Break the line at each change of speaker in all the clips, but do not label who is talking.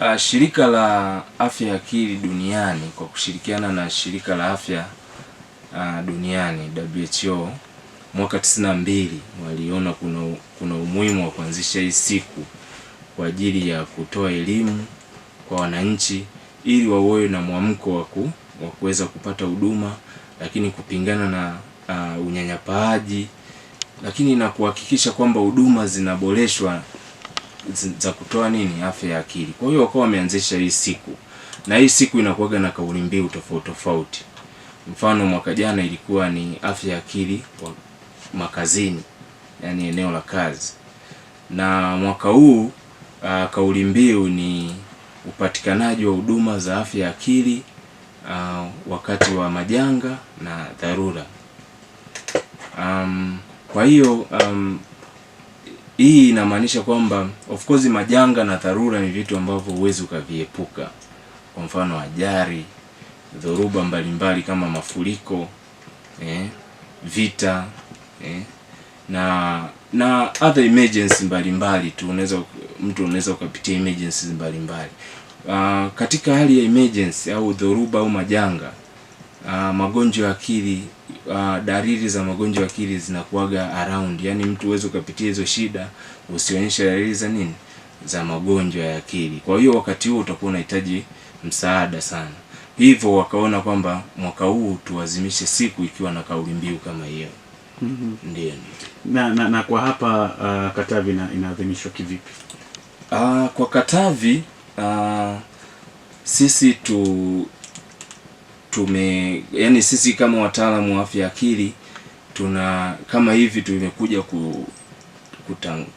Uh, shirika la afya ya akili duniani kwa kushirikiana na shirika la afya uh, duniani WHO mwaka mbili waliona kuna, kuna umuhimu wa kuanzisha hii siku kwa ajili ya kutoa elimu kwa wananchi ili wawe na mwamko wa kuweza kupata huduma, lakini kupingana na uh, unyanyapaaji, lakini na kuhakikisha kwamba huduma zinaboreshwa za kutoa nini afya ya akili. Kwa hiyo wakawa wameanzisha hii siku, na hii siku inakuwaga na kauli mbiu tofauti tofauti. Mfano mwaka jana ilikuwa ni afya ya akili kwa makazini, yani eneo la kazi, na mwaka huu ah, kauli mbiu ni upatikanaji wa huduma za afya ya akili uh, wakati wa majanga na dharura. Um, kwa hiyo um, hii inamaanisha kwamba of course majanga na dharura ni vitu ambavyo huwezi ukaviepuka, kwa mfano ajali, dhoruba mbalimbali kama mafuriko eh, vita eh, na na other emergency mbalimbali tu, unaweza mtu unaweza ukapitia emergencies mbalimbali mbali. Uh, katika hali ya emergency au dhoruba au majanga uh, magonjwa ya akili uh, dalili za magonjwa ya akili zinakuwaga around, yani mtu uweze ukapitia hizo shida usionyeshe dalili za nini za magonjwa ya akili. Kwa hiyo wakati huo utakuwa unahitaji msaada sana, hivyo wakaona kwamba mwaka huu tuwazimishe siku ikiwa na kauli mbiu kama hiyo. Mm -hmm. Ndiyo, ndiyo.
Na, na, na kwa hapa uh, Katavi inaadhimishwa kivipi?
Uh, kwa Katavi uh, sisi tu tume yani, sisi kama wataalamu wa afya akili tuna kama hivi tumekuja ku,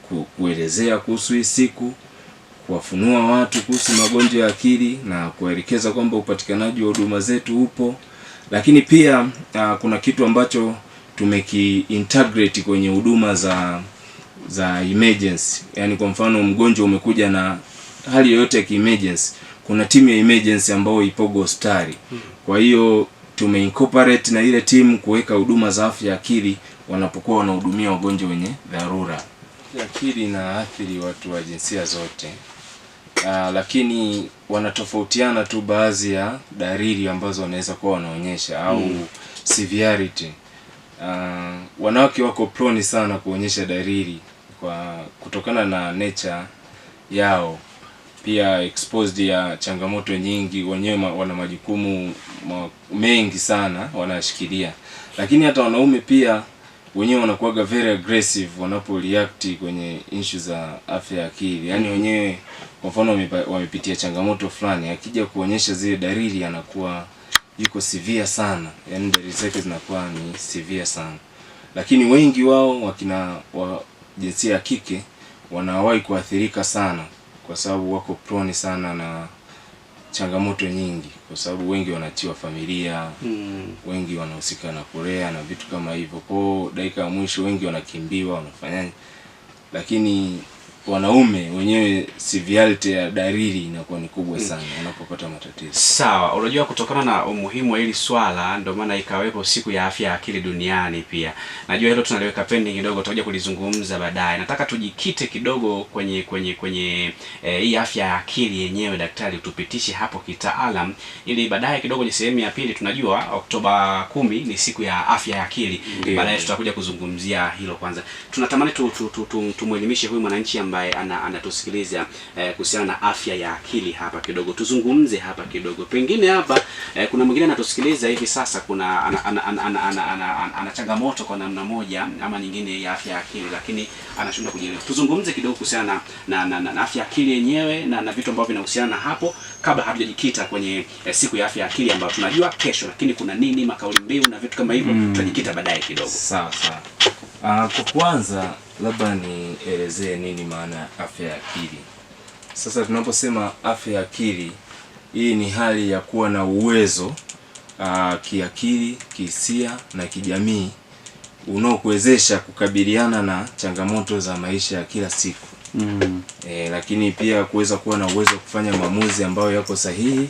ku, kuelezea kuhusu hii siku, kuwafunua watu kuhusu magonjwa ya akili na kuwaelekeza kwamba upatikanaji wa huduma zetu upo, lakini pia uh, kuna kitu ambacho tumekiintegrate kwenye huduma za za emergency, yani kwa mfano mgonjwa umekuja na hali yoyote ya kiemergency kuna timu ya emergency ambayo ipo Gostari. Hmm. Kwa hiyo tumeincorporate na ile timu kuweka huduma za afya ya akili wanapokuwa wanahudumia wagonjwa wenye dharura. Akili na athiri watu wa jinsia zote. Aa, ah, lakini wanatofautiana tu baadhi ya dalili ambazo wanaweza kuwa wanaonyesha au mm. severity. Aa, ah, wanawake wako prone sana kuonyesha dalili kwa kutokana na nature yao pia exposed ya changamoto nyingi, wenyewe wana majukumu mengi sana wanashikilia, lakini hata wanaume pia wenyewe wanakuwaga very aggressive wanapo react kwenye issue za afya ya akili. Yaani wenyewe kwa mfano wamepitia changamoto fulani, akija kuonyesha zile dalili anakuwa yuko severe sana, yaani dalili zake zinakuwa ni severe sana. Lakini wengi wao wakina wa jinsia ya kike wanawahi kuathirika sana kwa sababu wako prone sana na changamoto nyingi, kwa sababu wengi wanatiwa familia mm. wengi wanahusika na kulea na vitu kama hivyo, kwao dakika ya mwisho wengi wanakimbiwa, wanafanyaje, lakini wanaume wenyewe severity ya dalili inakuwa ni kubwa mm. sana unapopata matatizo.
Sawa, unajua kutokana na umuhimu wa hili swala ndio maana ikawepo siku ya afya ya akili duniani pia. Najua hilo tunaliweka pending kidogo, tutakuja kulizungumza baadaye. Nataka tujikite kidogo kwenye kwenye kwenye e, hii afya ya akili yenyewe, daktari, utupitishe hapo kitaalam, ili baadaye kidogo kwenye sehemu ya pili, tunajua Oktoba kumi ni siku ya afya ya akili, baadaye tutakuja kuzungumzia hilo. Kwanza tunatamani tu, tu, tu, tu, tu, tumwelimishe huyu mwananchi ya ambaye anatusikiliza ana eh, kuhusiana na afya ya akili hapa kidogo, tuzungumze hapa kidogo. Pengine hapa eh, kuna mwingine anatusikiliza hivi sasa, kuna ana, ana, ana, ana, ana, ana, ana changamoto kwa namna moja ama nyingine ya afya ya akili, lakini anashindwa kujielewa. Tuzungumze kidogo kuhusiana na, na, na, na, na afya ya akili yenyewe na, na vitu ambavyo vinahusiana na hapo, kabla hatujajikita kwenye eh, siku ya afya ya akili ambayo tunajua kesho, lakini kuna nini, makauli mbiu na vitu kama hivyo mm. tutajikita baadaye kidogo.
Sawa sawa. Uh, kwa kwanza labda nielezee nini maana ya afya ya akili. Sasa tunaposema afya ya akili, hii ni hali ya kuwa na uwezo uh, kiakili, kihisia na kijamii unaokuwezesha kukabiliana na changamoto za maisha ya kila siku. Mm. E, lakini pia kuweza kuwa na uwezo wa kufanya maamuzi ambayo yako sahihi,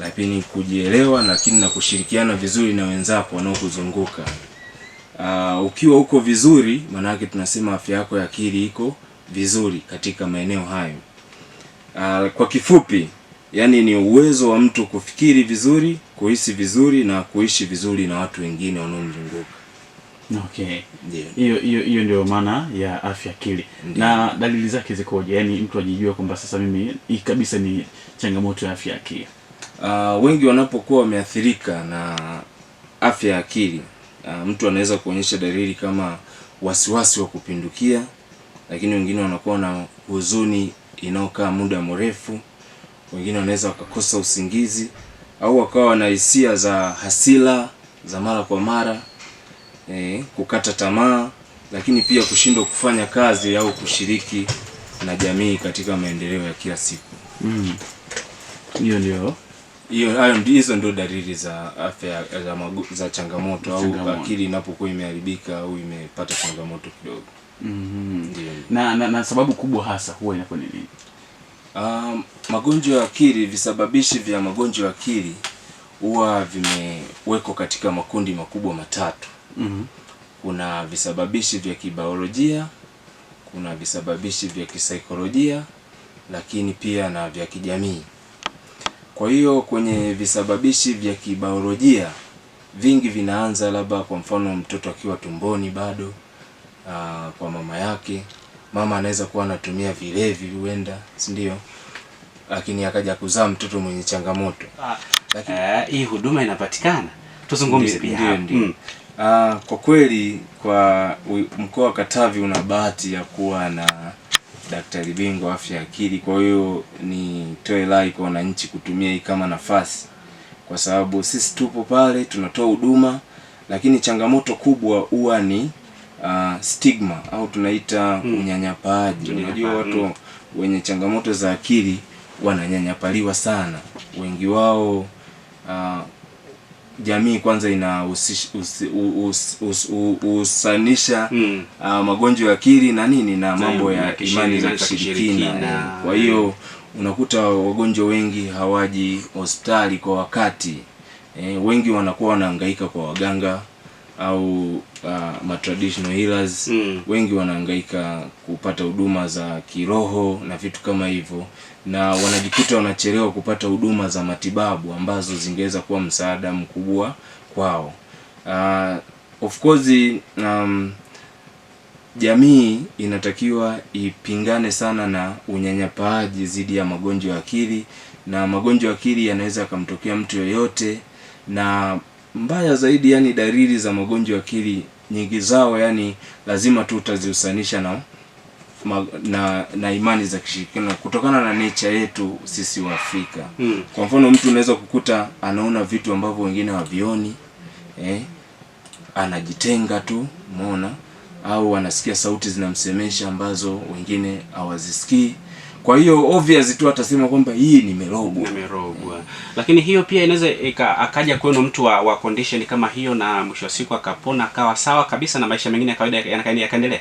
lakini kujielewa, lakini na kushirikiana vizuri na wenzako wanaokuzunguka. Uh, ukiwa uko vizuri, maana yake tunasema afya yako ya akili iko vizuri katika maeneo hayo. Uh, kwa kifupi, yani ni uwezo wa mtu kufikiri vizuri, kuhisi vizuri na kuishi vizuri na watu wengine wanaomzunguka.
Okay. Hiyo hiyo hiyo ndio maana ya afya akili. Ndiyo. Na dalili zake zikoje? Yaani mtu ajijue kwamba sasa mimi hii kabisa ni changamoto ya afya akili.
Uh, wengi wanapokuwa wameathirika na afya ya akili Uh, mtu anaweza kuonyesha dalili kama wasiwasi wa kupindukia, lakini wengine wanakuwa na huzuni inayokaa muda mrefu, wengine wanaweza wakakosa usingizi au wakawa na hisia za hasira za mara kwa mara eh, kukata tamaa, lakini pia kushindwa kufanya kazi au kushiriki na jamii katika maendeleo ya kila siku.
Mm. Hiyo mm, ndio
hiyo hizo ndio dalili za afya za, magu, za changamoto, au akili inapokuwa imeharibika au imepata changamoto kidogo.
mm -hmm. Na, na, na sababu kubwa hasa huwa inakuwa ni nini?
Um, magonjwa ya akili, visababishi vya magonjwa ya akili huwa vimewekwa katika makundi makubwa matatu. mm -hmm. Kuna visababishi vya kibiolojia, kuna visababishi vya kisaikolojia, lakini pia na vya kijamii. Kwa hiyo kwenye visababishi vya kibiolojia vingi vinaanza labda kwa mfano mtoto akiwa tumboni bado aa, ah, kwa mama yake, mama anaweza kuwa anatumia vilevi huenda, si ndio? Lakini akaja kuzaa mtoto mwenye changamoto.
Ah, Lakini uh, hii huduma inapatikana, tuzungumze pia ndio. Mm.
Kwa kweli kwa mkoa wa Katavi una bahati ya kuwa na daktari bingwa afya akili. Kwa hiyo nitoe rai kwa wananchi kutumia hii kama nafasi, kwa sababu sisi tupo pale tunatoa huduma, lakini changamoto kubwa huwa ni uh, stigma au tunaita hmm, unyanyapaaji. Unajua watu wenye changamoto za akili wananyanyapaliwa sana, wengi wao uh, jamii kwanza inahusanisha mm. uh, ah, magonjwa ya akili na nini na mambo ya imani za kishirikina. Kwa hiyo unakuta wagonjwa wengi hawaji hospitali kwa wakati E, wengi wanakuwa wanahangaika kwa waganga au uh, ma traditional healers mm. Wengi wanahangaika kupata huduma za kiroho na vitu kama hivyo, na wanajikuta wanachelewa kupata huduma za matibabu ambazo zingeweza kuwa msaada mkubwa kwao. Uh, of course um, jamii inatakiwa ipingane sana na unyanyapaaji dhidi ya magonjwa ya akili, na magonjwa ya akili yanaweza yakamtokea mtu yoyote na mbaya zaidi, yani dalili za magonjwa ya akili nyingi zao yani lazima tu utazihusanisha na, na na imani za kishirikina kutokana na nature yetu sisi wa Afrika hmm. Kwa mfano mtu unaweza kukuta anaona vitu ambavyo wengine hawavioni eh, anajitenga tu umeona, au anasikia sauti zinamsemesha ambazo wengine hawazisikii kwa hiyo obvious tu atasema kwamba hii nimerogwa,
nimerogwa. Lakini hiyo pia inaweza akaja kwenu mtu wa, wa condition kama hiyo, na mwisho wa siku akapona akawa sawa kabisa na maisha mengine ya kawaida yakaendelea.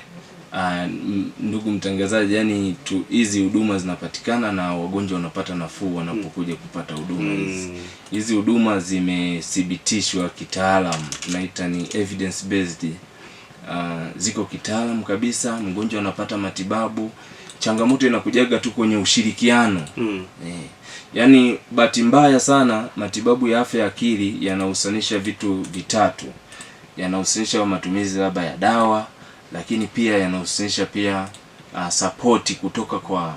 Uh, ndugu mtangazaji, yani tu hizi huduma zinapatikana na wagonjwa wanapata nafuu wanapokuja kupata huduma hmm. hizi. Mm. Hizi huduma zimethibitishwa kitaalamu, tunaita ni evidence based. Uh, ah, ziko kitaalamu kabisa, mgonjwa anapata matibabu changamoto inakujaga tu kwenye ushirikiano mm. E, yaani bahati mbaya sana matibabu ya afya ya akili yanahusanisha vitu vitatu, yanahusanisha matumizi labda ya dawa, lakini pia yanahusanisha pia uh, ah, sapoti kutoka kwa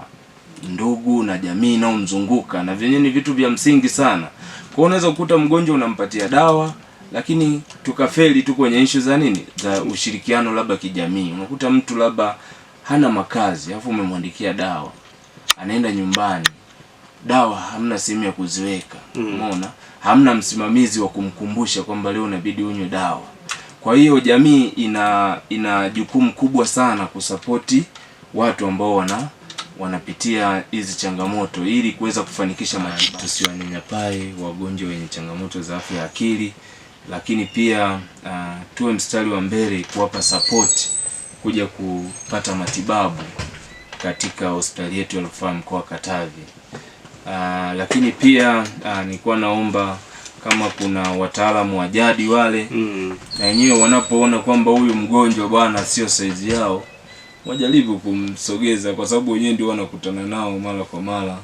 ndugu na jamii inayomzunguka na vyenyewe ni vitu vya msingi sana. Kwa hiyo unaweza kukuta mgonjwa unampatia dawa lakini tukafeli tu kwenye issue za nini za ushirikiano labda kijamii. Unakuta mtu labda hana makazi, alafu umemwandikia dawa, anaenda nyumbani, dawa hamna sehemu ya kuziweka, mm. umeona mm. hamna msimamizi wa kumkumbusha kwamba leo inabidi unywe dawa. Kwa hiyo jamii ina ina jukumu kubwa sana kusapoti watu ambao wana wanapitia hizi changamoto ili kuweza kufanikisha majibu, tusiwanyanyapae wagonjwa wenye changamoto za afya ya akili, lakini pia uh, tuwe mstari wa mbele kuwapa support kuja kupata matibabu katika hospitali yetu ya rufaa mkoa Katavi. Aa, ah, lakini pia ah, nilikuwa naomba kama kuna wataalamu wa jadi wale mm. na wenyewe wanapoona kwamba huyu mgonjwa bwana sio saizi yao wajaribu kumsogeza, kwa sababu wenyewe ndio wanakutana nao mara kwa mara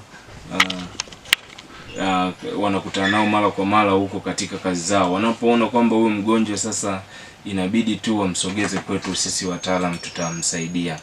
ah, wanakutana nao mara kwa mara huko katika kazi zao. Wanapoona kwamba huyu mgonjwa sasa inabidi tu wamsogeze kwetu, sisi wataalamu tutamsaidia.